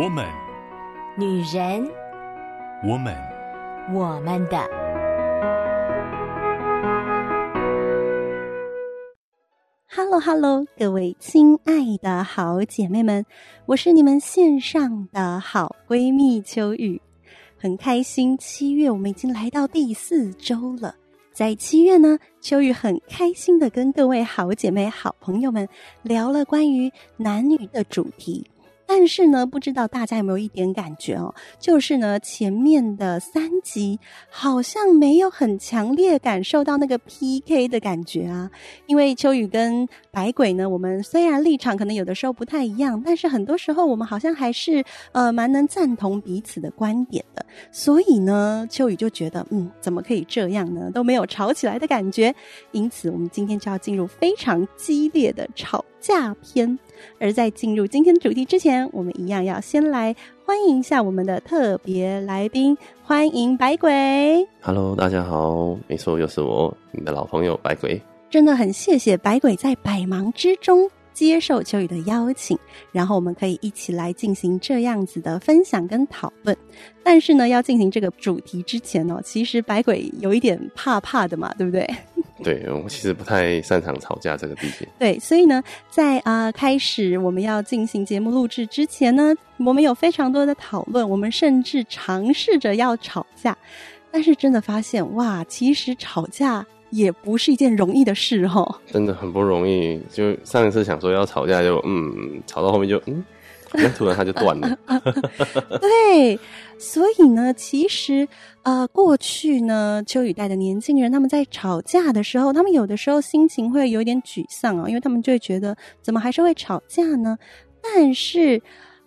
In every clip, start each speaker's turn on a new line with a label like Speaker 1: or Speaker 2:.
Speaker 1: 我們，
Speaker 2: 女人，
Speaker 1: 我們，
Speaker 2: 我們的。Hello，Hello，hello，各位親愛的好姐妹們，我是你們線上的好閨蜜秋雨，很開心，七月我們已經來到第四周了。在七月呢，秋雨很開心的跟各位好姐妹、好朋友們聊了關於男女的主題。但是呢，不知道大家有沒有一點感覺哦？就是呢，前面的三集好像沒有很強烈感受到那個 PK 的感覺啊。因為秋雨跟百鬼呢，我們雖然立場可能有的時候不太一樣，但是很多時候我們好像還是呃蠻能贊同彼此的觀點的。所以呢，秋雨就覺得，嗯，怎麼可以這樣呢？都沒有吵起來的感覺。因此，我們今天就要進入非常激烈的吵。架篇。而在進入今天的主題之前，我們一樣要先來歡迎一下我們的特別來賓，歡迎百鬼。
Speaker 1: Hello，大家好，沒錯，又是我，你的老朋友百鬼。
Speaker 2: 真的很謝謝百鬼在百忙之中接受秋雨的邀請，然後我們可以一起來進行這樣子的分享跟討論。但是呢，要進行這個主題之前呢、哦，其實百鬼有一點怕怕的嘛，對不對？
Speaker 1: 對，我其實不太擅長吵架這個地點。
Speaker 2: 對，所以呢，在啊、呃、開始我們要進行節目錄制之前呢，我們有非常多的討論，我們甚至嘗試着要吵架，但是真的發現哇，其實吵架也不是一件容易的事哦，
Speaker 1: 真的很不容易，就上一次想說要吵架就，就嗯，吵到後面就嗯。
Speaker 2: 突然他就斷了、 啊啊啊啊。對，所以呢，其實呃，過去呢，秋雨帶的年輕人，他們在吵架的時候，他們有的時候心情會有點沮喪啊、哦，因為他們就會覺得怎麼還是會吵架呢？但是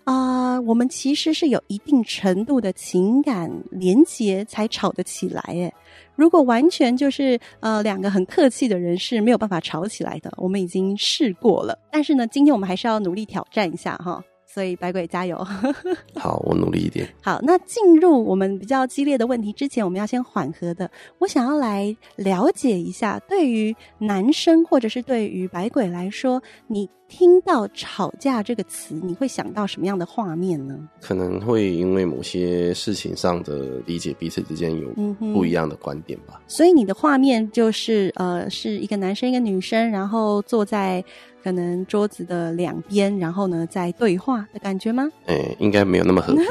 Speaker 2: 啊、呃，我們其實是有一定程度的情感連結才吵得起來。誒。如果完全就是呃兩個很客氣的人是沒有辦法吵起來的，我們已經試過了。但是呢，今天我們還是要努力挑戰一下哈。所以白鬼，加油 ，
Speaker 1: 好，我努力一點。
Speaker 2: 好，那進入我們比較激烈的問題之前，我們要先緩和的。我想要來了解一下，對於男生或者是對於白鬼來說，你。聽到“吵架”這個詞，你會想到什麼樣的畫面呢？
Speaker 1: 可能會因為某些事情上的理解，彼此之間有不一樣的觀點吧。嗯、
Speaker 2: 所以你的畫面就是呃，是一個男生，一個女生，然後坐在可能桌子的兩邊，然後呢，在對話的感覺嗎？哎、
Speaker 1: 欸，應該沒有那麼和平。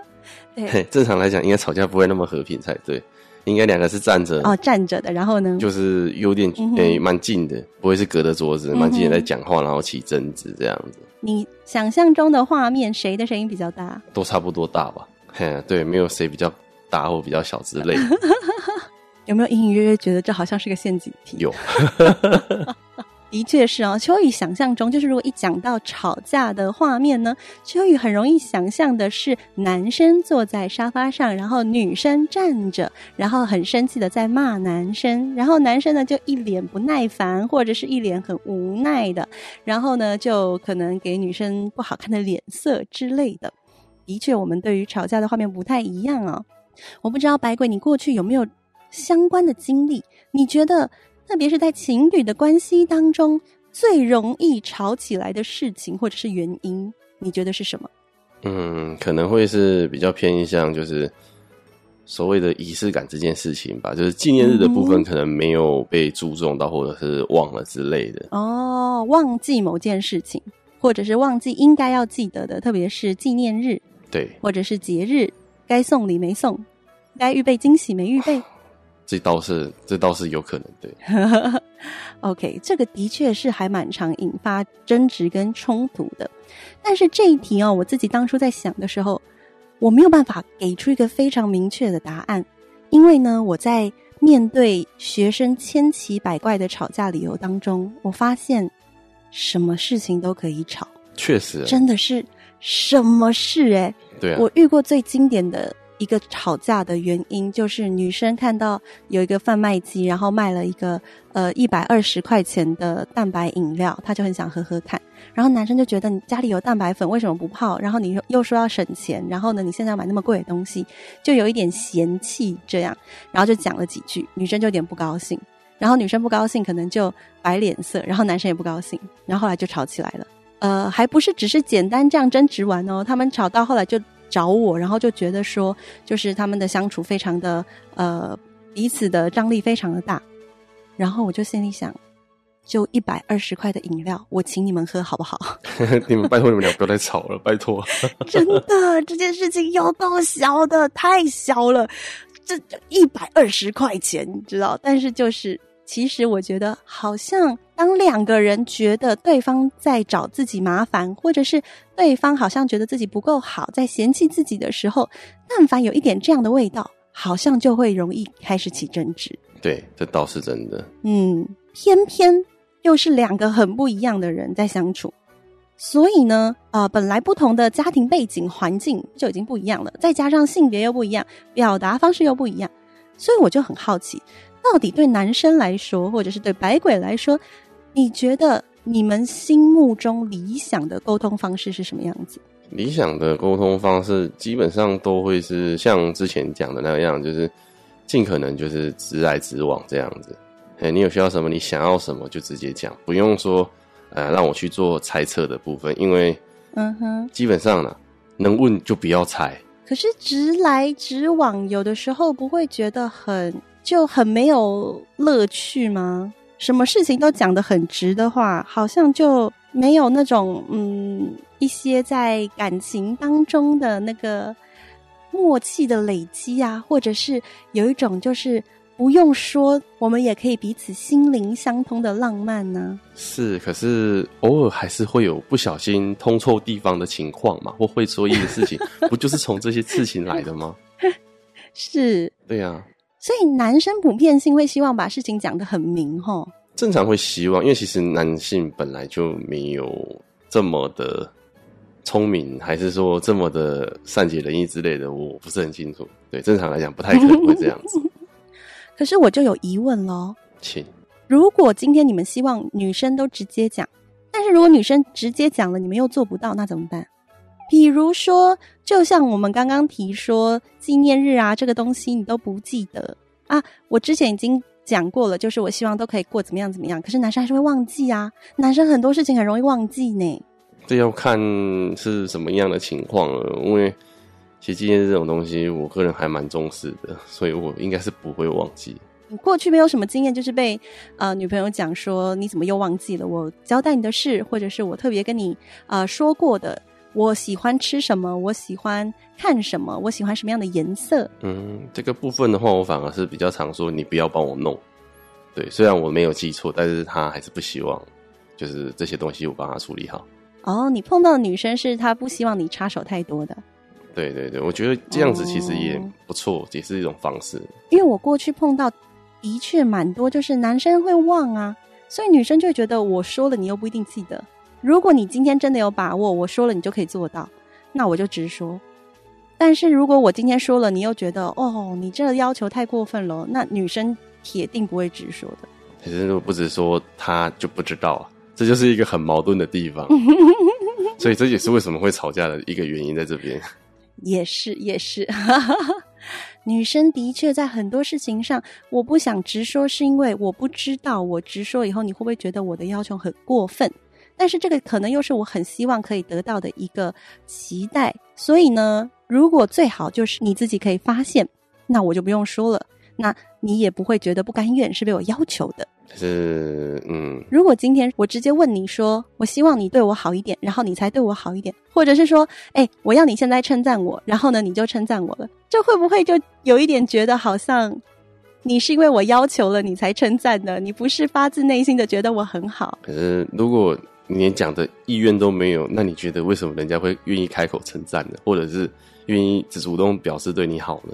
Speaker 1: 對，正常來講，應該吵架不會那麼和平才對。應該兩個是站着哦，
Speaker 2: 站着的。然後呢，就
Speaker 1: 是有點誒，蠻、嗯欸、近的，不會是隔着桌子蠻、嗯、近的在講話，然後起爭執這樣子。
Speaker 2: 你想象中的畫面，誰的聲音比較大？
Speaker 1: 都差不多大吧。嘿、哎，對，沒有誰比較大或比較小之類
Speaker 2: 的。 有沒有隱隱約約覺得這好像是個陷阱題？有。 的確是啊、哦，秋雨想象中就是如果一講到吵架的畫面呢，秋雨很容易想象的是男生坐在沙發上，然後女生站着，然後很生氣的在罵男生，然後男生呢就一臉不耐煩或者是一臉很無奈的，然後呢就可能給女生不好看的臉色之類的。的確，我們對於吵架的畫面不太一樣啊、哦。我不知道百鬼，你過去有沒有相關的經歷？你覺得？特別是在情侶的關係當中，最容易吵起來的事情或者是原因，你覺得是什麼？嗯，
Speaker 1: 可能會是比較偏向就是所謂的儀式感這件事情吧，就是紀念日的部分可能沒有被注重到，或者是忘了之類的、嗯。
Speaker 2: 哦，忘記某件事情，或者是忘記應該要記得的，特別是紀念日，對，或者是節日該送禮沒送，該預備驚喜沒預備。
Speaker 1: 這倒是，這倒是有可能
Speaker 2: 的。 OK，這個的確是還蠻常引發爭執跟衝突的。但是這一題哦，我自己當初在想的時候，我沒有辦法給出一個非常明確的答案，因為呢，我在面對學生千奇百怪的吵架理由當中，我發現什麼事情都可以吵，
Speaker 1: 確實，真
Speaker 2: 的是什麼事哎、欸，對、啊，我遇過最經典的一個吵架的原因就是女生看到有一個販賣機，然後賣了一個呃一百二十塊錢的蛋白飲料，她就很想喝喝看。然後男生就覺得你家裡有蛋白粉為什麼不泡？然後你又說要省錢，然後呢你現在要買那麼貴的東西就有一點嫌棄這樣，然後就講了幾句，女生就有點不高興，然後女生不高興可能就擺臉色，然後男生也不高興，然後後來就吵起來了。呃，還不是只是簡單這樣爭執完哦，他們吵到後來就。找我，然後就覺得說，就是他們的相處非常的呃，彼此的張力非常的大，然後我就心裡想，就一百二十塊的飲料，我請你們喝好不好？
Speaker 1: 你們拜托你們倆不要再吵了， 拜托。 真
Speaker 2: 的，這件事情要報銷的太小了，這就一百二十塊錢，你知道，但是就是。其實我覺得，好像當兩個人覺得對方在找自己麻煩，或者是對方好像覺得自己不夠好，在嫌棄自己的時候，但凡有一點這樣的味道，好像就會容易開始起爭執。
Speaker 1: 對，這倒是真的。
Speaker 2: 嗯，偏偏又是兩個很不一樣的人在相處，所以呢，呃，本來不同的家庭背景、環境就已經不一樣了，再加上性別又不一樣，表達方式又不一樣，所以我就很好奇。到底對男生來說，或者是對百鬼來說，你覺得你們心目中理想的溝通方式是什麼樣子？
Speaker 1: 理想的溝通方式基本上都會是像之前講的那樣，就是盡可能就是直來直往這樣子。Hey, 你有需要什麼，你想要什麼就直接講，不用說，呃，讓我去做猜測的部分，因為，嗯哼，基本上呢、啊，能問就不要猜。
Speaker 2: 可是直來直往，有的時候不會覺得很。就很沒有樂趣嗎？什麼事情都講得很直的話，好像就沒有那種嗯一些在感情當中的那個默契的累積啊，或者是有一種就是不用說，我們也可以彼此心靈相通的浪漫呢？
Speaker 1: 是，可是偶爾還是會有不小心通錯地方的情況嘛，或會錯意的事情， 不就是從這些事情來的嗎？
Speaker 2: 是，對呀、啊。所以男生普遍性會希望把事情講得很明吼，
Speaker 1: 正常會希望，因為其實男性本來就沒有這麼的聰明，還是說這麼的善解人意之類的，我不是很清楚。對，正常來講不太可能會這樣子。
Speaker 2: 可是我就有疑問囉，請，如果今天你們希望女生都直接講，但是如果女生直接講了，你們又做不到，那怎麼辦？比如說，就像我們剛剛提說紀念日啊，這個東西你都不記得啊。我之前已經講過了，就是我希望都可以過怎麼樣怎麼樣，可是男生還是會忘記啊。男生很多事情很容易忘記呢。
Speaker 1: 這要看是什麼樣的情況了，因為其實紀念日這種東西，我個人還蠻重視的，所以我應該是不會忘記。
Speaker 2: 過去沒有什麼經驗，就是被呃女朋友講說你怎麼又忘記了我交代你的事，或者是我特別跟你啊、呃、說過的。我喜歡吃什麼？我喜歡看什麼？我喜歡什麼樣的顏色？嗯，
Speaker 1: 這個部分的話，我反而是比較常說，你不要幫我弄。對，雖然我沒有記錯，但是他還是不希望就是這些東西我幫他處理好。
Speaker 2: 哦，你碰到的女生是他不希望你插手太多的。
Speaker 1: 對對對，我覺得這樣子其實也不錯，哦，也是一種方式。
Speaker 2: 因為我過去碰到的確蠻多，就是男生會忘啊，所以女生就會覺得我說了，你又不一定記得。如果你今天真的有把握，我說了你就可以做到，那我就直說。但是如果我今天說了，你又覺得哦，你這要求太過分了，那女生鐵定不會直說的。
Speaker 1: 其實如果不直說，她就不知道，這就是一個很矛盾的地方。 所以這也是為什麼會吵架的一個
Speaker 2: 原因，在這邊。也 是也是，也是 女生的確在很多事情上，我不想直說，是因為我不知道，我直說以後你會不會覺得我的要求很過分。但是這個可能又是我很希望可以得到的一個期待，所以呢，如果最好就是你自己可以發現，那我就不用說了，那你也不會覺得不甘願是被我要求的。可
Speaker 1: 是，嗯。
Speaker 2: 如果今天我直接問你說，我希望你對我好一點，然後你才對我好一點，或者是說，哎，我要你現在稱讚我，然後呢，你就稱讚我了，這會不會就有一點覺得好像你是因為我要求了你才稱讚的，你不是發自內心的覺得我很好？
Speaker 1: 可是如果。你連講的意願都沒有，那你覺得為什麼人家會願意開口稱讚呢？或者是願意只主動表示對你好呢？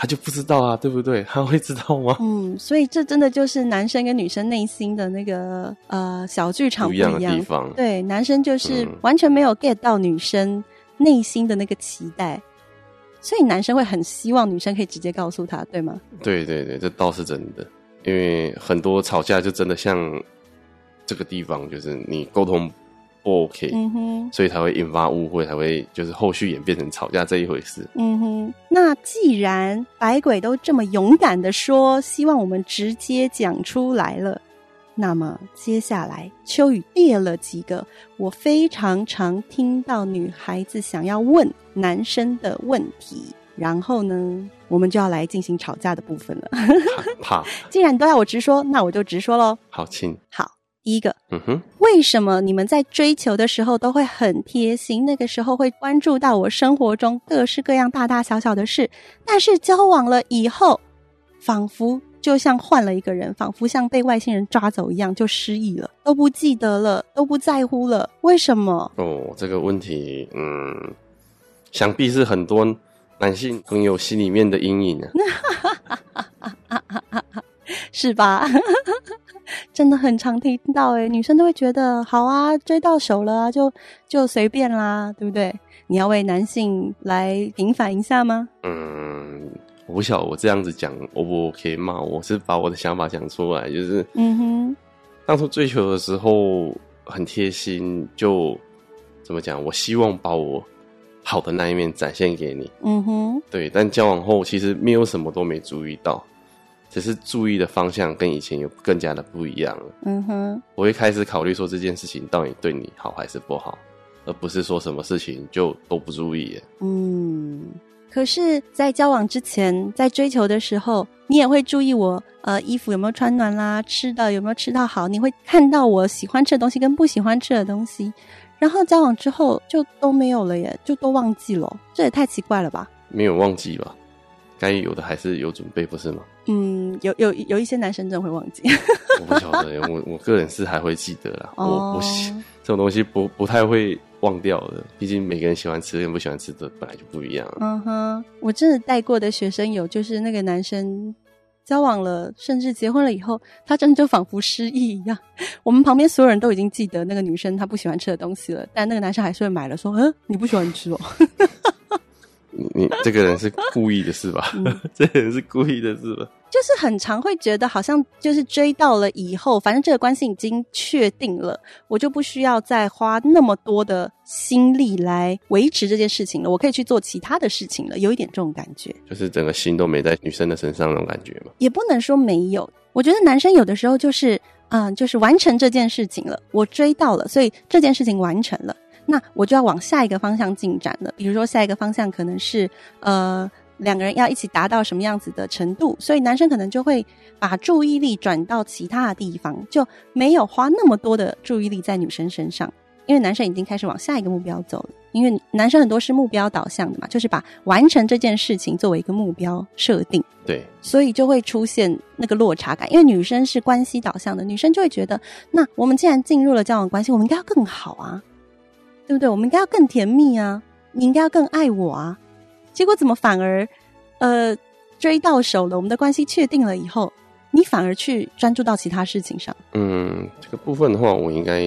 Speaker 1: 他就不知道啊，對不對？他會知道嗎？嗯，
Speaker 2: 所以這真的就是男生跟女生內心的那個呃小劇場不一樣，不同的地方。對，男生就是完全沒有 get 到女生內心的那個期待，嗯，所以男生會很希望女生可以直接告訴他，對嗎？
Speaker 1: 對對對，這倒是真的，因為很多吵架就真的像。這個地方就是你溝通不 OK，嗯哼，所以才會引發誤會，才會就是後續演變成吵架這一回事，
Speaker 2: 嗯哼。那既然百鬼都這麼勇敢的說，希望我們直接講出來了，那麼接下來秋雨列了幾個我非常常聽到女孩子想要問男生的問題，然後呢，我們就要來進行吵架的部分了。好， 既然你都要我直說，那我就直說嘍。好，請好。第一個，嗯哼，為什麼你們在追求的時候都會很貼心？那個時候會關注到我生活中各式各樣大大小小的事，但是交往了以後，仿佛就像換了一個人，仿佛像被外星人抓走一樣，就失憶了，都不記得了，都不在乎了，為什麼？
Speaker 1: 哦，這個問題，嗯，想必是很多男性朋友心裡面的陰影了啊。
Speaker 2: 是吧？ 真的很常聽到誒，女生都會覺得，好啊，追到手了，啊、就就隨便啦，對不對？你要為男性來平反一下嗎？
Speaker 1: 嗯，我不曉得我這樣子講，我不 OK 嘛，我是把我的想法講出來，就是，嗯
Speaker 2: 哼，
Speaker 1: 當初追求的時候很貼心，就怎麼講？我希望把我好的那一面展現給你，嗯哼，對。但交往後，其實沒有，什麼都沒注意到。只是注意的方向跟以前有更加的不一樣了。
Speaker 2: 嗯哼，
Speaker 1: 我會開始考慮說，這件事情到底對你好還是不好，而不是說什麼事情就
Speaker 2: 都不注意耶。嗯，可是，在交往之前，在追求的時候，你也會注意我，呃，衣服有沒有穿暖啦，吃的有沒有吃到好，你會看到我喜歡吃的東西跟不喜歡吃的東西。然後交往之後就都沒有了耶，就都忘記了，這也太奇怪了吧？
Speaker 1: 沒有忘記吧？該有的還是有準備，不是嗎？
Speaker 2: 嗯，有有有一些男生真的會忘記
Speaker 1: 我，我不曉得、欸，我我個人是還會記得啦， 我不喜，這種東西不不太會忘掉的，畢竟每個人喜歡吃跟不喜歡吃的本來就不一樣。嗯
Speaker 2: 哼，我真的帶過的學生有，就是那個男生交往了，甚至結婚了以後，他真的就仿佛失憶一樣。我們旁邊所有人都已經記得那個女生她不喜歡吃的東西了，但那個男生還是會買了說，嗯，你不喜歡吃哦、喔。
Speaker 1: 你這個人是故意的，是吧？這個人是故意的是， 嗯、 故意的是吧？
Speaker 2: 就是很常會覺得，好像就是追到了以後，反正這個關係已經確定了，我就不需要再花那麼多的心力來維持這件事情了，我可以去做其他的事情了，有一點這種感覺，
Speaker 1: 就是整個心都沒在女生的身上的那種感覺嘛？
Speaker 2: 也不能說沒有，我覺得男生有的時候就是，嗯、呃，就是完成這件事情了，我追到了，所以這件事情完成了。那我就要往下一個方向進展了。比如說，下一個方向可能是，呃，兩個人要一起達到什麼樣子的程度，所以男生可能就會把注意力轉到其他的地方，就沒有花那麼多的注意力在女生身上，因為男生已經開始往下一個目標走了。因為男生很多是目標導向的嘛，就是把完成這件事情作為一個目標設定，對，所以就會出現那個落差感。因為女生是關係導向的，女生就會覺得，那我們既然進入了交往關係，我們應該要更好啊。對不對？我們應該要更甜蜜啊！你應該要更愛我啊！結果怎麼反而呃追到手了？我們的關係確定了以後，你反而去專注到其他事情上？
Speaker 1: 嗯，這個部分的話，我應該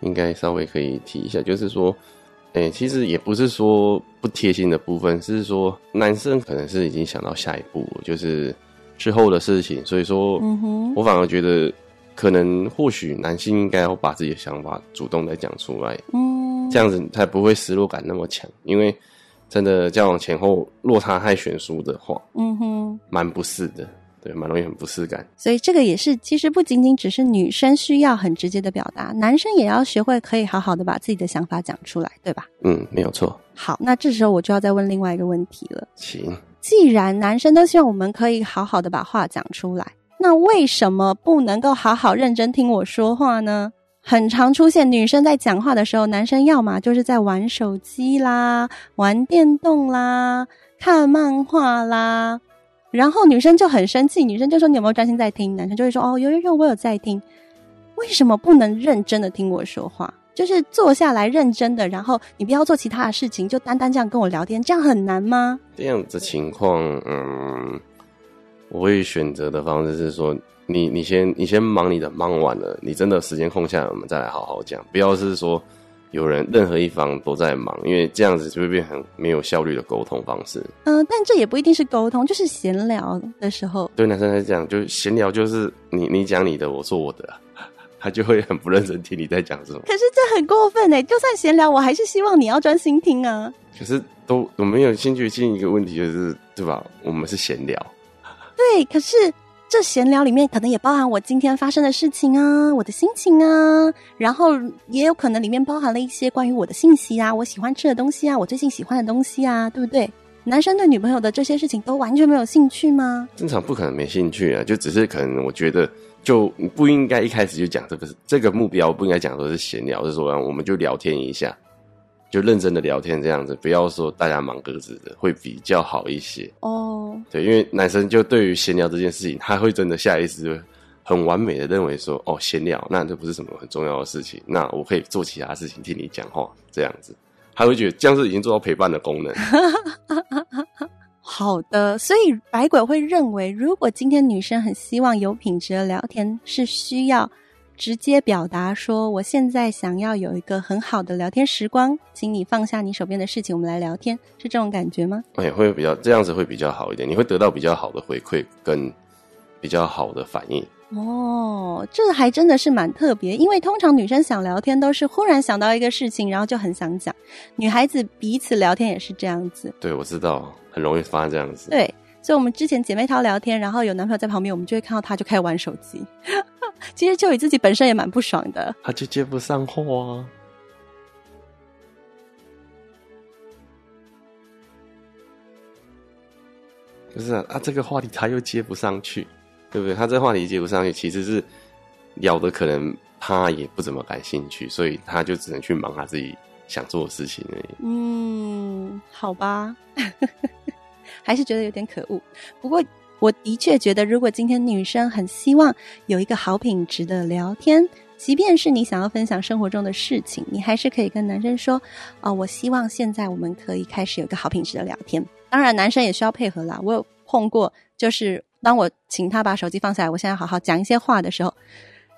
Speaker 1: 應該稍微可以提一下，就是說，欸，其實也不是說不貼心的部分，是說男生可能是已經想到下一步，就是之後的事情，所以說，嗯哼，我反而覺得。可能或許男性應該要把自己的想法主動的講出來，嗯、這樣子才不會失落感那麼強。因為真的交往前後落差太懸殊的話，嗯
Speaker 2: 哼，
Speaker 1: 蠻不適的，對，蠻容易很不適感。
Speaker 2: 所以這個也是，其實不僅僅只是女生需要很直接的表達，男生也要學會可以好好的把自己的想法講出來，對吧？
Speaker 1: 嗯，沒有錯。
Speaker 2: 好，那這時候我就要再問另外一個問題了。行，既然男生都希望我們可以好好的把話講出來。那為什麼不能夠好好認真聽我說話呢？很常出現女生在講話的時候，男生要麼就是在玩手機啦、玩電動啦、看漫畫啦，然後女生就很生氣，女生就說你有沒有專心在聽？男生就會說，哦，有有有，我有在聽。為什麼不能認真的聽我說話？就是坐下來認真的，然後你不要做其他的事情，就單單這樣跟我聊天，這樣很難嗎？
Speaker 1: 這樣子情況，嗯。我會選擇的方式是說，你你先你先忙你的，忙完了，你真的時間空下來，我們再來好好講。不要是說有人任何一方都在忙，因為這樣子就會變成沒有效率的溝通方式。
Speaker 2: 嗯，但這也不一定是溝通，就是閒聊的時候。
Speaker 1: 對，男生是這樣，就閒聊就是你你講你的，我做我的， 他就會很不認真聽你在講什麼。
Speaker 2: 可是這很過分誒，就算閒聊，我還是希望你要專心聽啊。
Speaker 1: 可是都我沒有興趣進一個問題，就是對吧？我們是閒聊。
Speaker 2: 對，可是這閒聊裡面可能也包含我今天發生的事情啊，我的心情啊，然後也有可能裡面包含了一些關於我的信息啊，我喜歡吃的東西啊，我最近喜歡的東西啊，對不對？男生對女朋友的這些事情都完全沒有興趣嗎？
Speaker 1: 正常不可能沒興趣啊，就只是可能我覺得就不應該一開始就講這個這個目標，不應該講說是閒聊，就說我們就聊天一下。就認真的聊天這樣子，不要說大家忙各自的，會比較好一些哦。Oh. 對，因為男生就對於閒聊這件事情，他會真的下意識就很完美的認為說，哦，閒聊，那這不是什麼很重要的事情，那我可以做其他事情聽你講話這樣子，他會覺得這樣子已經做到陪伴的功能。
Speaker 2: 好的，所以百鬼會認為，如果今天女生很希望有品質的聊天，是需要。直接表達說，我現在想要有一個很好的聊天時光，請你放下你手邊的事情，我們來聊天，是這種感覺嗎？
Speaker 1: 會比較這樣子會比較好一點，你會得到比較好的回饋跟比較好的反應。
Speaker 2: 哦，這還真的是蠻特別，因為通常女生想聊天都是忽然想到一個事情，然後就很想講。女孩子彼此聊天也是這樣子。
Speaker 1: 對，我知道，很容易發生這樣子。
Speaker 2: 對，所以我們之前姐妹淘聊天，然後有男朋友在旁邊，我們就會看到他就開始玩手機。其實，就以自己本身也蠻不爽的。
Speaker 1: 他就接不上話，啊，就是啊，啊，這個話題他又接不上去，對不對？他這個話題接不上去，其實是聊的，可能他也不怎麼感興趣，所以他就只能去忙他自己想做的事情而已。嗯，
Speaker 2: 好吧， 還是覺得有點可惡，不過。我的確覺得，如果今天女生很希望有一個好品質的聊天，即便是你想要分享生活中的事情，你還是可以跟男生說，啊、呃，我希望現在我們可以開始有一個好品質的聊天。當然，男生也需要配合啦。我有碰過，就是當我請他把手機放下來，我現在好好講一些話的時候，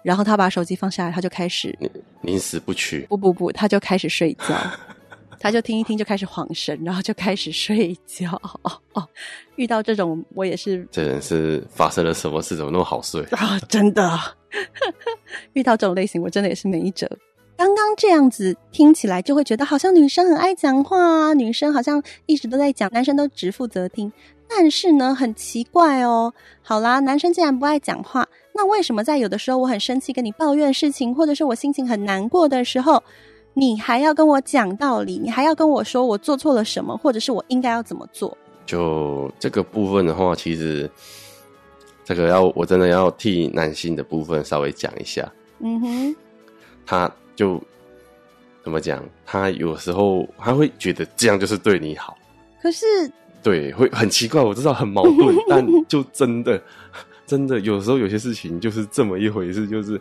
Speaker 2: 然後他把手機放下來，他就開始寧
Speaker 1: 死不屈。不
Speaker 2: 不不，他就開始睡覺。 他就聽一聽就開始晃神，然後就開始睡覺。哦哦，遇到這種我也是，
Speaker 1: 這人是發生了什麼事？怎麼那麼好睡？
Speaker 2: 啊，真的！ 遇到這種類型，我真的也是沒轍。剛剛這樣子聽起來，就會覺得好像女生很愛講話，啊，女生好像一直都在講，男生都只負責聽。但是呢，很奇怪哦。好啦，男生既然不愛講話，那為什麼在有的時候我很生氣跟你抱怨事情，或者是我心情很難過的時候，你還要跟我講道理，你還要跟我說我做錯了什麼，或者是我應該要怎麼做？
Speaker 1: 就這個部分的話，其實這個要我真的要替男性的部分稍微講一下。嗯
Speaker 2: 哼，
Speaker 1: 他就怎麼講？他有時候他會覺得這樣就是對你好。可是對，會很奇怪，我知道很矛盾， 但就真的真的有時候有些事情就是這麼一回事，就是。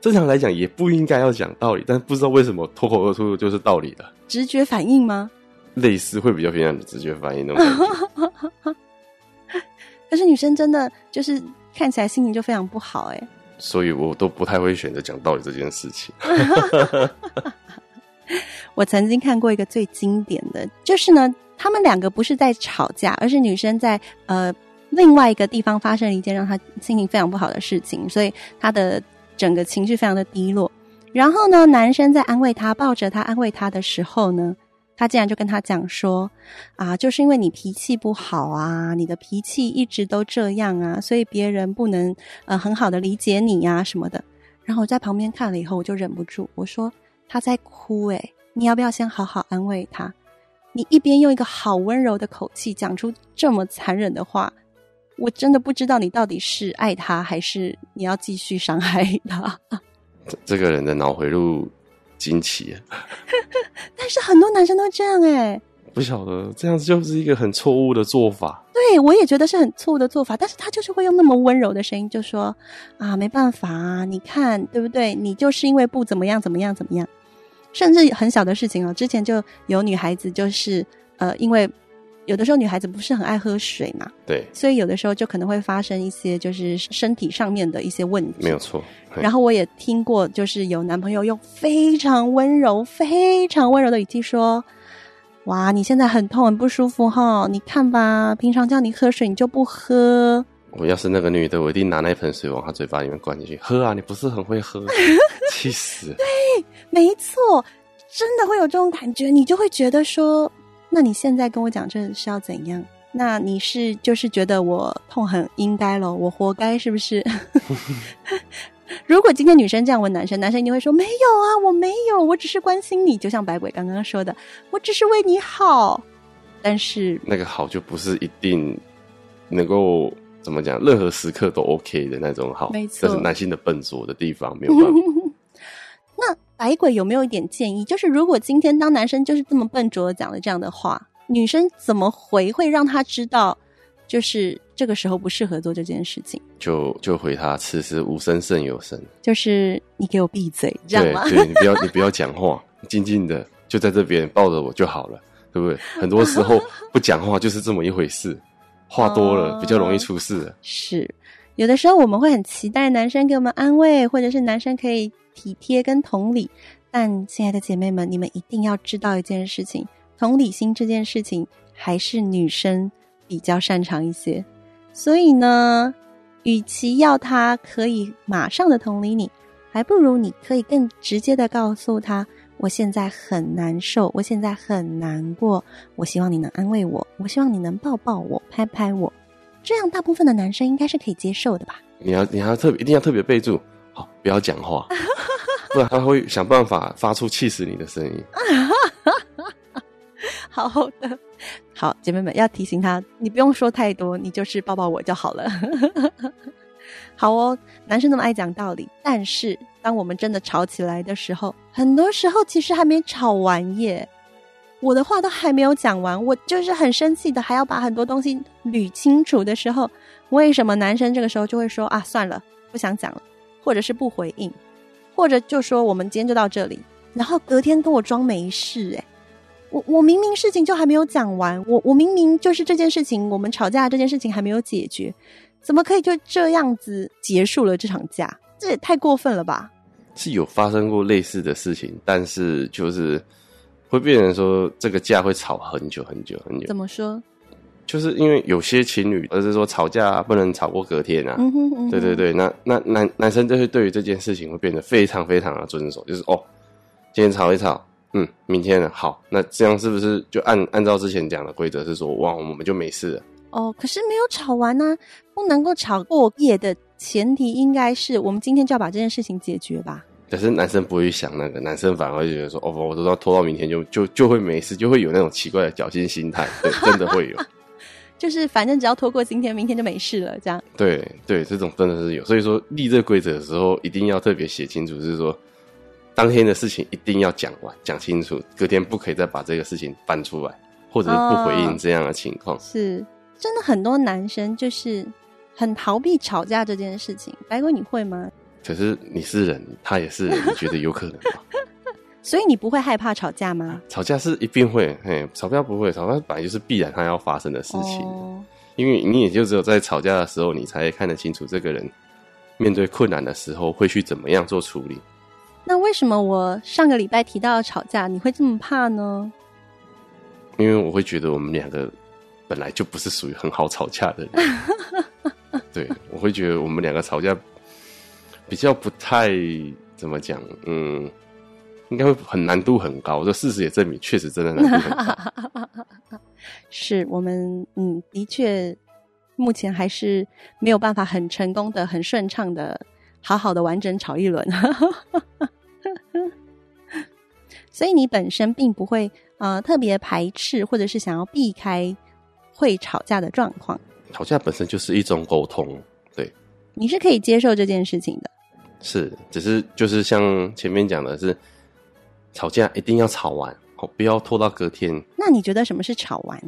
Speaker 1: 正常來講也不應該要講道理，但不知道為什麼脫口而出就是道理了。
Speaker 2: 直覺反應嗎？
Speaker 1: 類似會比較偏向的直覺反應的嗎。
Speaker 2: 但是女生真的就是看起來心情就非常不好哎，
Speaker 1: 所以我都不太會選擇講道理這件事情。
Speaker 2: 我曾經看過一個最經典的，就是呢，他們兩個不是在吵架，而是女生在呃另外一個地方發生了一件讓她心情非常不好的事情，所以她的。整個情緒非常的低落，然後呢，男生在安慰他，抱着他安慰他的時候呢，他竟然就跟他講說，啊，就是因為你脾氣不好啊，你的脾氣一直都這樣啊，所以別人不能，呃，很好的理解你呀、啊、什麼的。然後我在旁邊看了以後，我就忍不住，我說他在哭誒，你要不要先好好安慰他？你一邊用一個好溫柔的口氣講出這麼殘忍的話。我真的不知道你到底是愛他還是你要繼續傷害他
Speaker 1: 這。這個人的腦回路驚奇。
Speaker 2: 但是很多男生都這樣哎，
Speaker 1: 不曉得這樣子就是一個很錯誤的做法。
Speaker 2: 對，我也覺得是很錯誤的做法，但是他就是會用那麼溫柔的聲音就說啊，沒辦法啊，你看對不對？你就是因為不怎麼樣怎麼樣怎麼樣，甚至很小的事情啊，之前就有女孩子就是呃因為。有的時候女孩子不是很愛喝水嘛，對，所以有的時候就可能會發生一些就是身體上面的一些問題，
Speaker 1: 沒有錯。然後
Speaker 2: 我也聽過，就是有男朋友用非常溫柔、非常溫柔的語氣說：“哇，你現在很痛、很不舒服哈、哦，你看吧，平常叫你喝水你就不喝。”
Speaker 1: 我要是那個女的，我一定拿那盆水往她嘴巴裡面灌進去，喝啊！你不是很會喝，
Speaker 2: 氣死 對，沒錯，真的會有這種感覺，你就會覺得說。那你現在跟我講，這是要怎樣？那你是就是覺得我痛很應該了，我活該是不是？ 如果今天女生這樣問男生，男生一定會說沒有啊，我沒有，我只是關心你，就像百鬼剛剛說的，我只是為你好。但是
Speaker 1: 那個好就不是一定能夠怎麼講，任何時刻都 OK 的那種好，沒錯，這是男性的笨拙的地方沒有辦
Speaker 2: 法。 那。百鬼有沒有一點建議？就是如果今天當男生就是這麼笨拙的講了這樣的話，女生怎麼回會讓他知道，就是這個時候不適合做這件事情？
Speaker 1: 就就回他：此時無聲勝有聲。
Speaker 2: 就是你給我閉嘴對，這樣嗎？對，你不要
Speaker 1: 你不要講話，靜 靜的就在這邊抱着我就好了，對不對？很多時候不講話就是這麼一回事， 話多了比較容易出事。哦，
Speaker 2: 是有的時候我們會很期待男生給我們安慰，或者是男生可以。體貼跟同理，但親愛的姐妹們，你們一定要知道一件事情：同理心這件事情還是女生比較擅長一些。所以呢，與其要他可以馬上的同理你，還不如你可以更直接的告訴他：“我現在很難受，我現在很難過，我希望你能安慰我，我希望你能抱抱我，拍拍我。”這樣大部分的男生應該是可以接受的吧？
Speaker 1: 你要，你要特別，一定要特別備註，好，不要講話。 不然他會想辦法發出氣死你的聲音。
Speaker 2: 好的，好，姐妹們要提醒他，你不用說太多，你就是抱抱我就好了。 好哦，男生那麼愛講道理，但是當我們真的吵起來的時候，很多時候其實還沒吵完耶，我的話都還沒有講完，我就是很生氣的，還要把很多東西捋清楚的時候，為什麼男生這個時候就會說啊，算了，不想講了，或者是不回應？或者就說我們今天就到這裡，然後隔天跟我裝沒事哎、欸，我我明明事情就還沒有講完，我我明明就是這件事情，我們吵架這件事情還沒有解決，怎麼可以就這樣子結束了這場架？這也太過分了吧？
Speaker 1: 是有發生過類似的事情，但是就是會變成說，這個架會吵很久很久很久。怎麼說？就是因為有些情侶，而是說吵架、啊、不能吵過隔天啊，嗯嗯、對對對，那那男男生就會對於這件事情會變得非常非常的遵守，就是哦，今天吵一吵，嗯，明天了好，那這樣是不是就按按照之前講的規則是說，哇，我們就沒事
Speaker 2: 了？哦，可是沒有吵完呢、啊，不能夠吵過夜的前提應該是我們今天就要把這件事情解決吧？
Speaker 1: 可是男生不會想那個，男生反而就覺得說，哦，我都要拖到明天就，就就就會沒事，就會有那種奇怪的僥倖心態，對，真的會有。
Speaker 2: 就是反正只要拖過今天，明天就沒事了，這樣。
Speaker 1: 對對，這種真的是有，所以說立這規則的時候一定要特別寫清楚，是說當天的事情一定要講完講清楚，隔天不可以再把這個事情搬出來，或者是不回應這樣的情況、哦。是，
Speaker 2: 真的很多男生就是很逃避吵架這件事情，百鬼你會嗎？
Speaker 1: 可是你是人，他也是人，你覺得有可能嗎？
Speaker 2: 所以你不會害怕吵架嗎？
Speaker 1: 吵架是一定會，嘿，吵架不會，吵架本來就是必然它要發生的事情。Oh. 因為你也就只有在吵架的時候，你才看得清楚這個人面對困難的時候會去怎麼樣做處理。
Speaker 2: 那為什麼我上個禮拜提到吵架，你會這麼怕呢？
Speaker 1: 因為我會覺得我們兩個本來就不是屬於很好吵架的人。 對，我會覺得我們兩個吵架比較不太，怎麼講，嗯。應該會很難度很高，這事實也證明，確實真的難度很
Speaker 2: 高。 是，我們嗯，的確目前還是沒有辦法很成功的、很順暢的、好好的完整吵一輪。 所以你本身並不會啊、呃、特別排斥，或者是想要避開會吵架的狀況。
Speaker 1: 吵架本身就是一種溝通，對，
Speaker 2: 你是可以接受這件事情的。
Speaker 1: 是，只是就是像前面講的是。吵架一定要吵完，好、哦，不要拖到隔天。
Speaker 2: 那你覺得什麼是吵完？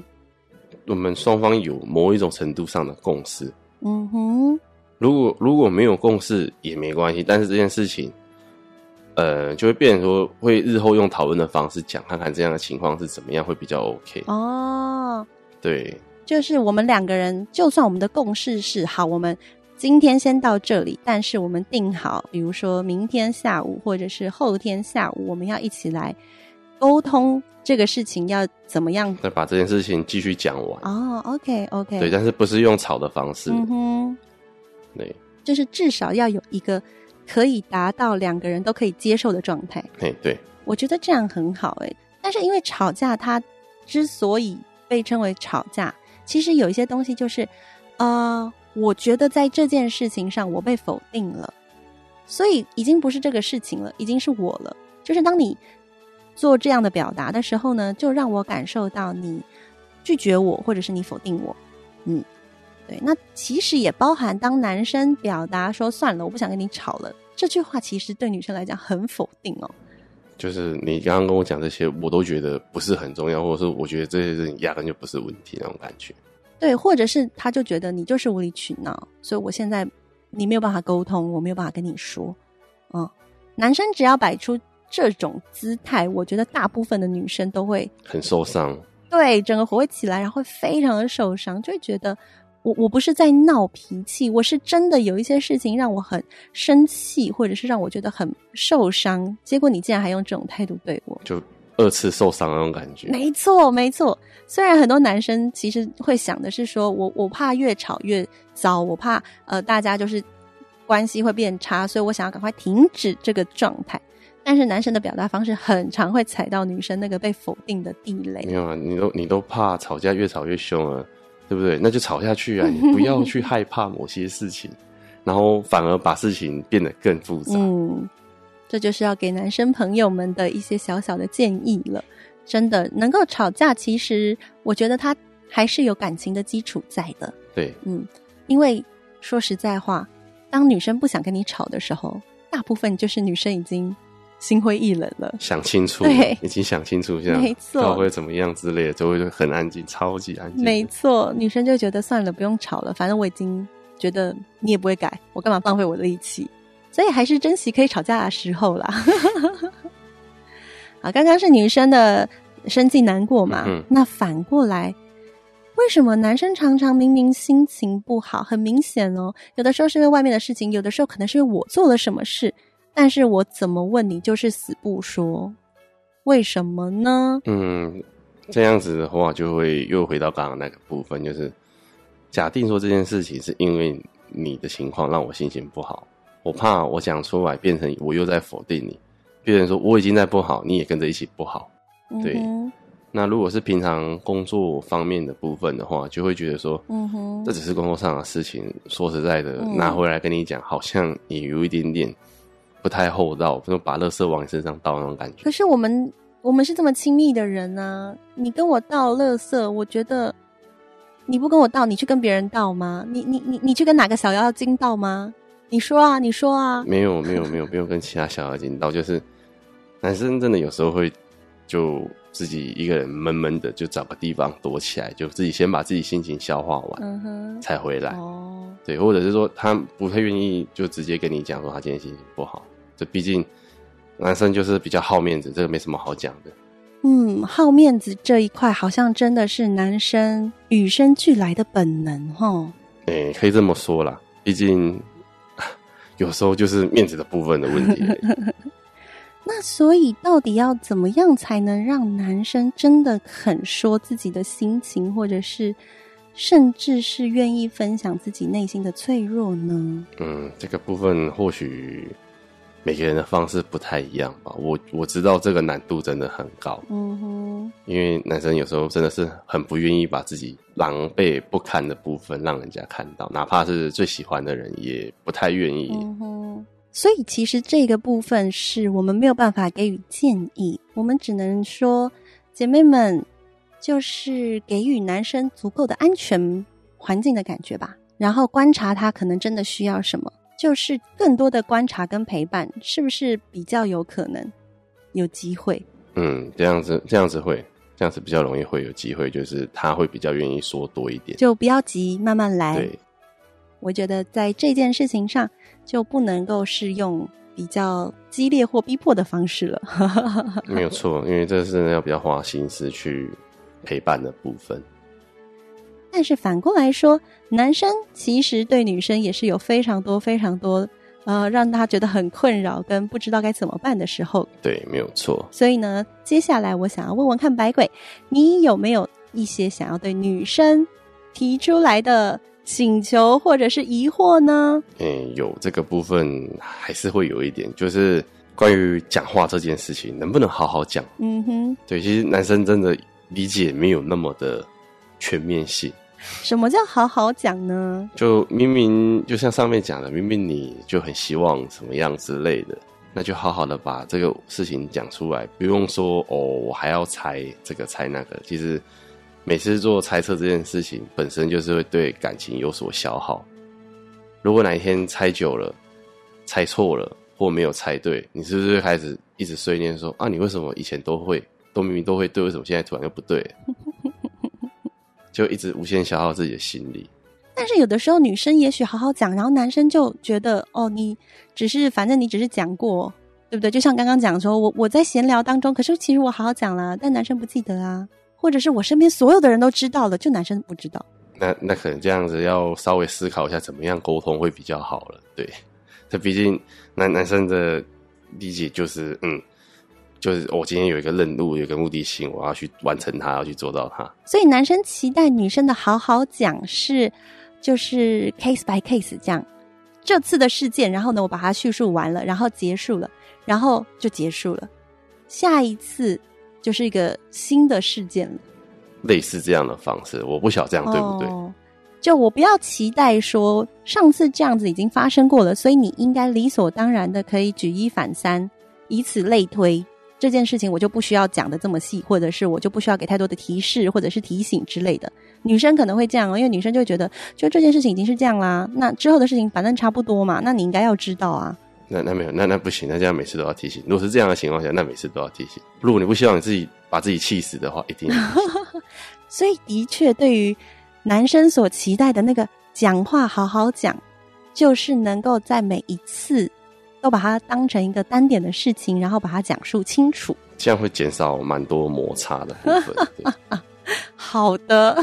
Speaker 1: 我們雙方有某一種程度上的共識。
Speaker 2: 嗯哼，
Speaker 1: 如果如果沒有共識也沒關係，但是這件事情，呃，就會變成說會日後用討論的方式講，看看這樣的情況是怎麼樣會比較 OK。哦，
Speaker 2: 對，就是我們兩個人，就算我們的共識是好，我們。今天先到這裡，但是我們定好，比如說明天下午或者是後天下午，我們要一起來溝通這個事情要怎麼樣，
Speaker 1: 再把這件事情繼續講完。
Speaker 2: 哦、oh，OK OK。對，但
Speaker 1: 是不是用吵的方式。嗯
Speaker 2: 哼，對，就是至少要有一個可以達到兩個人都可以接受的狀態。對、hey, 對，我覺得這樣很好。哎，但是因為吵架，它之所以被稱為吵架，其實有一些東西就是，啊、呃。我覺得在這件事情上，我被否定了，所以已經不是這個事情了，已經是我了。就是當你做這樣的表達的時候呢，就讓我感受到你拒絕我，或者是你否定我。嗯，對。那其實也包含當男生表達說“算了，我不想跟你吵了”這句話，其實對女生來講很否定哦。
Speaker 1: 就是你剛剛跟我講這些，我都覺得不是很重要，或者是我覺得這些事情壓根就不是問題那種感覺。
Speaker 2: 對，或者是他就覺得你就是無理取鬧，所以我現在你沒有辦法溝通，我沒有辦法跟你說。嗯、哦，男生只要擺出這種姿態，我覺得大部分的女生都會
Speaker 1: 很受傷。
Speaker 2: 對，整個活起來，然後非常的受傷，就會覺得我我不是在鬧脾氣，我是真的有一些事情讓我很生氣，或者是讓我覺得很受傷。結果你竟然還用這種態度對我，
Speaker 1: 就。二次受傷那種感覺，沒
Speaker 2: 錯沒錯。雖然很多男生其實會想的是說，我我怕越吵越糟，我怕呃大家就是關係會變差，所以我想要趕快停止這個狀態。但是男生的表達方式，很常會踩到女生那個被否定的地雷。
Speaker 1: 沒有啊，你都你都怕吵架越吵越凶了啊，對不對？那就吵下去啊，你不要去害怕某些事情， 然後反而把事情變得更複雜。嗯。
Speaker 2: 這就是要給男生朋友們的一些小小的建議了。真的能夠吵架，其實我覺得他還是有感情的基礎在的。對，嗯，因為說實在話，當女生不想跟你吵的時候，大部分就是女生已經心灰意冷了，
Speaker 1: 想清楚，對，已經想清楚一下，這樣會怎麼樣之類的，就會很安靜，超級安靜。沒
Speaker 2: 錯，女生就覺得算了，不用吵了，反正我已經覺得你也不會改，我幹嘛浪費我的力氣？所以還是珍惜可以吵架的時候啦，哈哈哈哈。啊，剛剛是女生的生氣難過嘛。嗯，嗯，那反過來，為什麼男生常常明明心情不好，很明顯哦？有的時候是因為外面的事情，有的時候可能是因為我做了什麼事，但是我怎麼問你就是死不說，為什麼呢？嗯，
Speaker 1: 這樣子的話就會又回到剛剛那個部分，就是假定說這件事情是因為你的情況讓我心情不好，我怕我講出來變成我又在否定你，別人說我已經在不好，你也跟着一起不好。對、嗯，那如果是平常工作方面的部分的話，就會覺得說，嗯
Speaker 2: 哼，這只
Speaker 1: 是工作上的事情。說實在的，嗯、拿回來跟你講，好像也有一點點不太厚道，就把垃圾往你身上倒那種感
Speaker 2: 覺。可是我們我們是這麼親密的人啊，你跟我倒垃圾，我覺得你不跟我倒，你去跟別人倒嗎？你你你你去跟哪個小妖精倒嗎？你說啊，你說啊，
Speaker 1: 沒有沒有沒有，不用跟其他小孩計較。 就是，男生真的有時候會，就自己一個人悶悶的，就找個地方躲起來，就自己先把自己心情消化完，嗯、哼才回來、哦。對，或者是說他不太願意就直接跟你講說他今天心情不好。這畢竟，男生就是比較好面子，這個沒什麼好講的。嗯，
Speaker 2: 好面子這一塊好像真的是男生與生俱來的本能，齁。
Speaker 1: 誒，可以這麼說啦，畢竟。有時候就是面子的部分的問題 。
Speaker 2: 那所以到底要怎麼樣才能讓男生真的肯說自己的心情，或者是甚至是願意分享自己內心的脆弱呢？嗯，
Speaker 1: 這個部分或許。每個人的方式不太一樣吧，我我知道這個難度真的很高，嗯哼，因為男生有時候真的是很不願意把自己狼狽不堪的部分讓人家看到，哪怕是最喜歡的人也不太願意，嗯
Speaker 2: 哼，所以其實這個部分是我們沒有辦法給予建議，我們只能說姐妹們就是給予男生足夠的安全環境的感覺吧，然後觀察他可能真的需要什麼。就是更多的觀察跟陪伴，是不是比較有可能有機會？
Speaker 1: 嗯，這樣子這樣子會，這樣子比較容易會有機會，就是他會比較願意說多一
Speaker 2: 點。就不要急，慢慢來。對，我覺得在這件事情上就不能夠是用比較激烈或逼迫的方式了。
Speaker 1: 沒有錯，因為這是要比較花心思去陪伴的部分。
Speaker 2: 但是反過來說，男生其實對女生也是有非常多、非常多，呃，讓他覺得很困擾跟不知道該怎麼辦的時候。
Speaker 1: 對，沒有錯。
Speaker 2: 所以呢，接下來我想要問問看百鬼，你有沒有一些想要對女生提出來的請求或者是疑惑呢？嗯，
Speaker 1: 有這個部分還是會有一點，就是關於講話這件事情能不能好好講？嗯哼，對，其實男生真的理解沒有那麼的全面性。
Speaker 2: 什麼叫好好講呢？
Speaker 1: 就明明就像上面講的，明明你就很希望怎麼樣之類的，那就好好的把這個事情講出來，不用說哦，我還要猜這個猜那個。其實每次做猜測這件事情，本身就是會對感情有所消耗。如果哪一天猜久了，猜錯了或沒有猜對，你是不是會開始一直碎念說啊，你為什麼以前都會都明明都會對，為什麼現在突然又不對？ 就一直無限消耗自己的心力，
Speaker 2: 但是有的時候女生也許好好講，然後男生就覺得哦，你只是反正你只是講過，對不對？就像剛剛講說，我我在閒聊當中，可是其實我好好講了，但男生不記得啊，或者是我身邊所有的人都知道了，就男生不知道。
Speaker 1: 那那可能這樣子要稍微思考一下，怎麼樣溝通會比較好了？對，這畢竟男男生的理解就是嗯。就是我，哦，今天有一個任務，有一個目的性，我要去完成它，要去做到它。
Speaker 2: 所以男生期待女生的好好講是，就是 case by case 這樣，這次的事件，然後呢，我把它敘述完了，然後結束了，然後就結束了。下一次就是一個新的事件了，
Speaker 1: 類似這樣的方式，我不曉得這樣對不對？哦，
Speaker 2: 就我不要期待說上次這樣子已經發生過了，所以你應該理所當然的可以舉一反三，以此類推。這件事情我就不需要講得，這麼細，或者是我就不需要給太多的提示，或者是提醒之類的。女生可能會這樣哦，因為女生就會覺得，就這件事情已經是這樣啦，那之後的事情反正差不多嘛，那你應該要知道啊。
Speaker 1: 那那沒有，那那不行，那這樣每次都要提醒。如果是這樣的情況下，那每次都要提醒。如果你不希望你自己把自己氣死的話，一定。
Speaker 2: 所以的確，對於男生所期待的那個講話好好講，就是能夠在每一次。都把它當成一個單點的事情，然後把它講述清楚，
Speaker 1: 這樣會減少蠻多摩擦的
Speaker 2: 好的，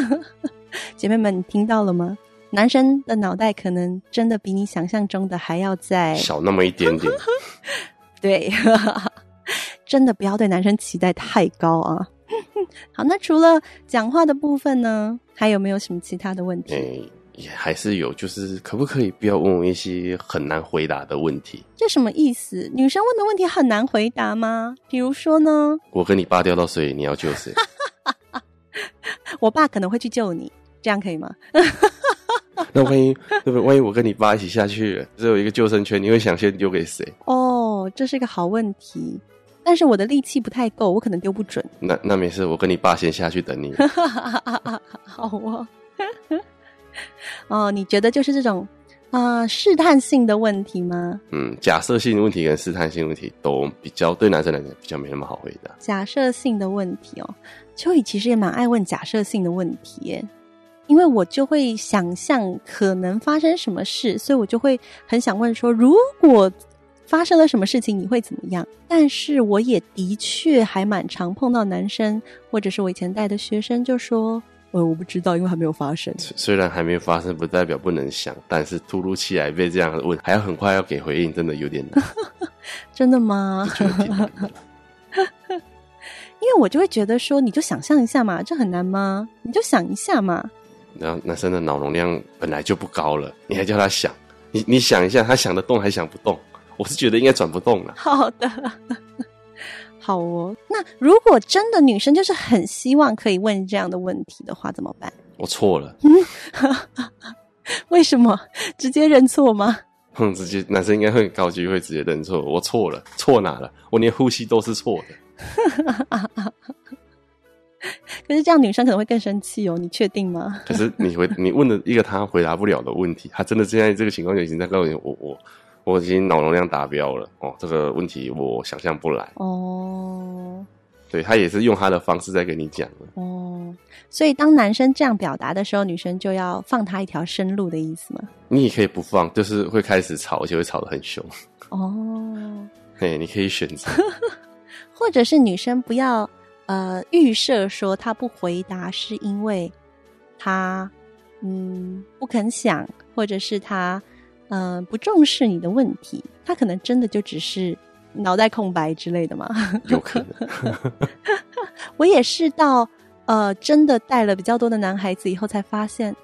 Speaker 2: 姐妹們，你聽到了嗎？男生的腦袋可能真的比你想象中的還要再小
Speaker 1: 那麼一點點。
Speaker 2: 對， 真的不要對男生期待太高啊。 好，那除了講話的部分呢，還有沒有什麼其他的問題？欸
Speaker 1: 也還是有，就是可不可以不要問我一些很難回答的問題？
Speaker 2: 這什麼意思？女生問的問題很難回答嗎？比如說呢？
Speaker 1: 我跟你爸掉到水，你要救誰？
Speaker 2: 我爸可能會去救你，這樣可以嗎？
Speaker 1: 那萬一，對不對？萬一我跟你爸一起下去，只有一個救生圈，你會想先丟給誰？
Speaker 2: 哦，這是一個好問題。但是我的力氣不太夠，我可能丟不準。
Speaker 1: 那那沒事，我跟你爸先下去等你。
Speaker 2: 好啊、哦。 哦，你覺得就是這種啊、呃、試探性的問題嗎？
Speaker 1: 嗯，假設性問題跟試探性問題都比較對男生來講比較沒那麼好回答。
Speaker 2: 假設性的問題，哦，秋雨其實也蠻愛問假設性的問題，因為我就會想象可能發生什麼事，所以我就會很想問說，如果發生了什麼事情，你會怎麼樣？但是我也的確還蠻常碰到男生，或者是我以前帶的學生，就說。呃、哦，我不知道，因為還沒有發生。
Speaker 1: 雖然還沒發生，不代表不能想，但是突如其來被這樣問，還要很快要給回應，真的有點難。
Speaker 2: 真的嗎？的 因為我就會覺得說，你就想象一下嘛，這很難嗎？你就想一下嘛。
Speaker 1: 然後男生的腦容量本來就不高了，你還叫他想，你你想一下，他想得動還想不動？我是覺得應該轉不動了。
Speaker 2: 好的。好哦，那如果真的女生就是很希望可以問這樣的問題的話，怎麼辦？我錯了，嗯， 為什麼？直接認錯嗎？
Speaker 1: 嗯，直接男生應該會高級，會直接認錯。我錯了，錯哪了？我連呼吸都是錯的。
Speaker 2: 可是這樣女生可能會更生氣哦，你確定嗎？
Speaker 1: 可是你回你問了一個她回答不了的問題，她真的現在這個情況就已經在告訴你，我我。我已經腦容量達標了哦，這個問題我想象不來。
Speaker 2: 哦、oh.，
Speaker 1: 對，他也是用他的方式在跟你講的。哦、
Speaker 2: oh.，所以當男生這樣表達的時候，女生就要放他一條生路的意思嗎？
Speaker 1: 你也可以不放，就是會開始吵，而且會吵得很兇。哦，嘿，你可以選擇，
Speaker 2: 或者是女生不要呃預設說他不回答是因為他嗯不肯想，或者是他。嗯、呃，不重視你的問題，他可能真的就只是腦袋空白之類的嘛？有可能。 我也是到呃真的帶了比較多的男孩子以後，才發現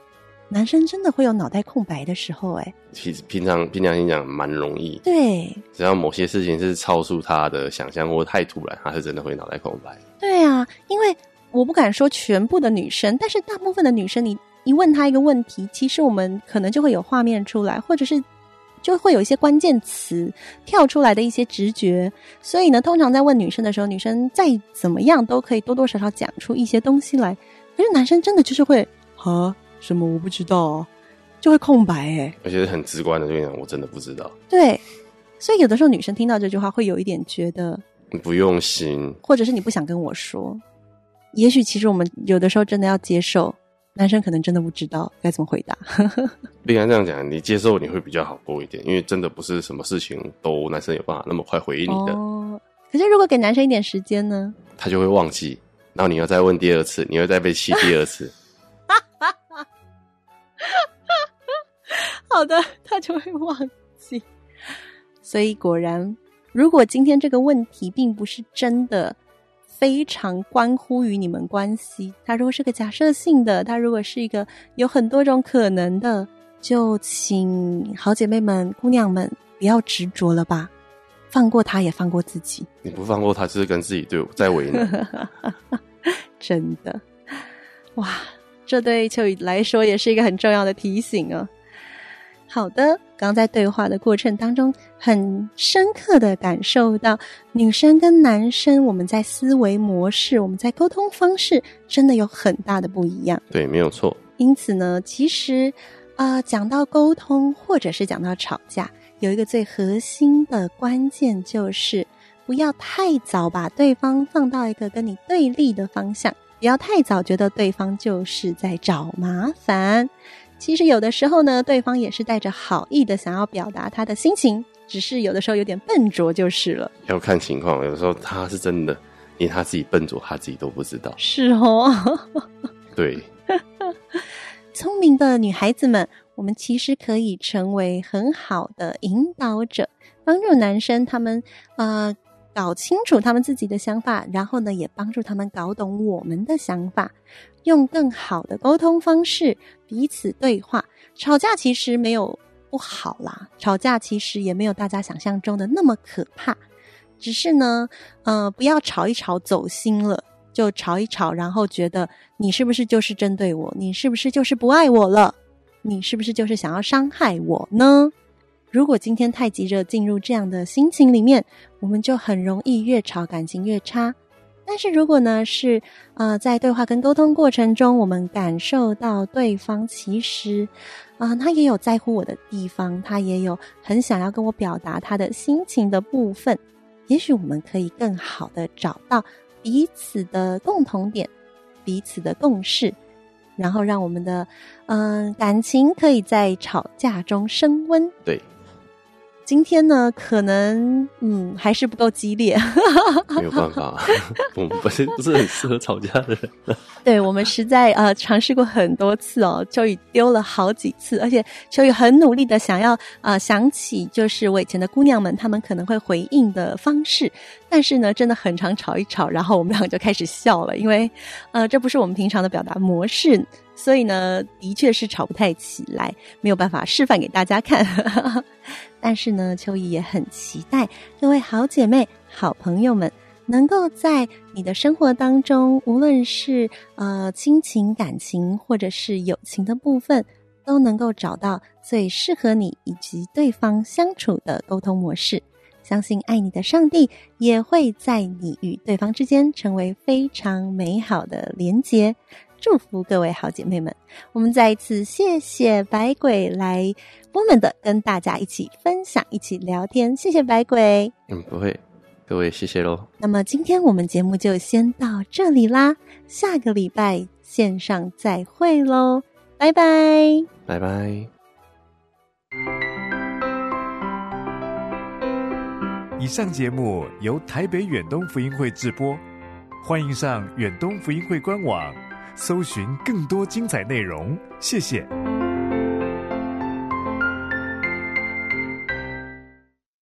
Speaker 2: 男生真的會有腦袋空白的時候，欸。
Speaker 1: 其實平常平常心講蠻容易，對，只要某些事情是超出他的想象或太突然，他是真的會腦袋空白。
Speaker 2: 對啊，因為我不敢說全部的女生，但是大部分的女生你。一問他一個問題，其實我們可能就會有畫面出來，或者是就會有一些關鍵詞跳出來的一些直覺。所以呢，通常在問女生的時候，女生再怎麼樣都可以多多少少講出一些東西來。可是男生真的就是會啊什麼我不知道，就會空白哎，
Speaker 1: 而且是很直觀的就講我真的不知道。
Speaker 2: 對，所以有的時候女生聽到這句話會有一點覺得
Speaker 1: 你不用心，
Speaker 2: 或者是你不想跟我說。也許其實我們有的時候真的要接受。男生可能真的不知道該怎麼回答。
Speaker 1: 不應該這樣講，你接受你會比較好過一點，因為真的不是什麼事情都男生有辦法那麼快回應你的。哦，
Speaker 2: 可是如果給男生一點時間呢？
Speaker 1: 他就會忘記，然後你要再問第二次，你要再
Speaker 2: 被氣第二次。哈哈哈，好的，他就會忘記。所以果然，如果今天這個問題並不是真的。非常關乎於你們關係，他如果是個假設性的，他如果是一個有很多種可能的，就請好姐妹們、姑娘們不要執着了吧，放過他也放過自己。
Speaker 1: 你不放過他，就是跟自己對我在為難，
Speaker 2: 真的。哇，這對秋雨來說也是一個很重要的提醒哦。好的，剛在對話的過程當中，很深刻的感受到女生跟男生，我們在思維模式，我們在溝通方式，真的有很大的不一樣。
Speaker 1: 對，沒有錯。
Speaker 2: 因此呢，其實啊，呃，講到溝通，或者是講到吵架，有一個最核心的關鍵，就是不要太早把對方放到一個跟你對立的方向，不要太早覺得對方就是在找麻煩。其實有的時候呢，對方也是帶着好意的，想要表達他的心情，只是有的時候有點笨拙就是了。
Speaker 1: 要看情況，有的時候他是真的連他自己笨拙，他自己都不知道。是
Speaker 2: 哦， 對。聰 明的女孩子們，我們其實可以成為很好的引導者，幫助男生他們，呃，搞清楚他們自己的想法，然後呢，也幫助他們搞懂我們的想法，用更好的溝通方式彼此對話。吵架其實沒有不好啦，吵架其實也沒有大家想象中的那麼可怕，只是呢，呃，不要吵一吵走心了，就吵一吵，然後覺得你是不是就是針對我，你是不是就是不愛我了，你是不是就是想要傷害我呢？如果今天太急着進入這樣的心情裡面，我們就很容易越吵感情越差。但是如果呢，是啊、呃，在對話跟溝通過程中，我們感受到對方其實啊、呃，他也有在乎我的地方，他也有很想要跟我表達他的心情的部分，也許我們可以更好地找到彼此的共同點，彼此的共識，然後讓我們的嗯、呃、感情可以在吵架中升溫。對。今天呢，可能嗯，還是不夠激烈，沒
Speaker 1: 有辦法，我們不是不是很適合吵架的人。
Speaker 2: 對，我們實在呃，嘗試過很多次哦，秋雨丟了好幾次，而且秋雨很努力的想要呃想起，就是我以前的姑娘們，她們可能會回應的方式，但是呢，真的很常吵一吵，然後我們兩個就開始笑了，因為呃，這不是我們平常的表達模式。所以呢，的確是吵不太起來，沒有辦法示範給大家看。 但是呢，秋雨也很期待各位好姐妹、好朋友們，能夠在你的生活當中，無論是呃親情、感情，或者是友情的部分，都能夠找到最適合你以及對方相處的溝通模式。相信愛你的上帝也會在你與對方之間成為非常美好的連結。祝福各位好姐妹們！我們再一次謝謝百鬼來我們的，跟大家一起分享，一起聊天。謝謝百鬼。
Speaker 1: 嗯，不會，各位謝謝嘍。
Speaker 2: 那麼今天我們節目就先到這裡啦，下個禮拜線上再會嘍，拜拜，
Speaker 1: 拜拜。以上節目由台北遠東福音會製播，歡迎上遠東福音會官網，搜尋更多精彩內容，謝謝。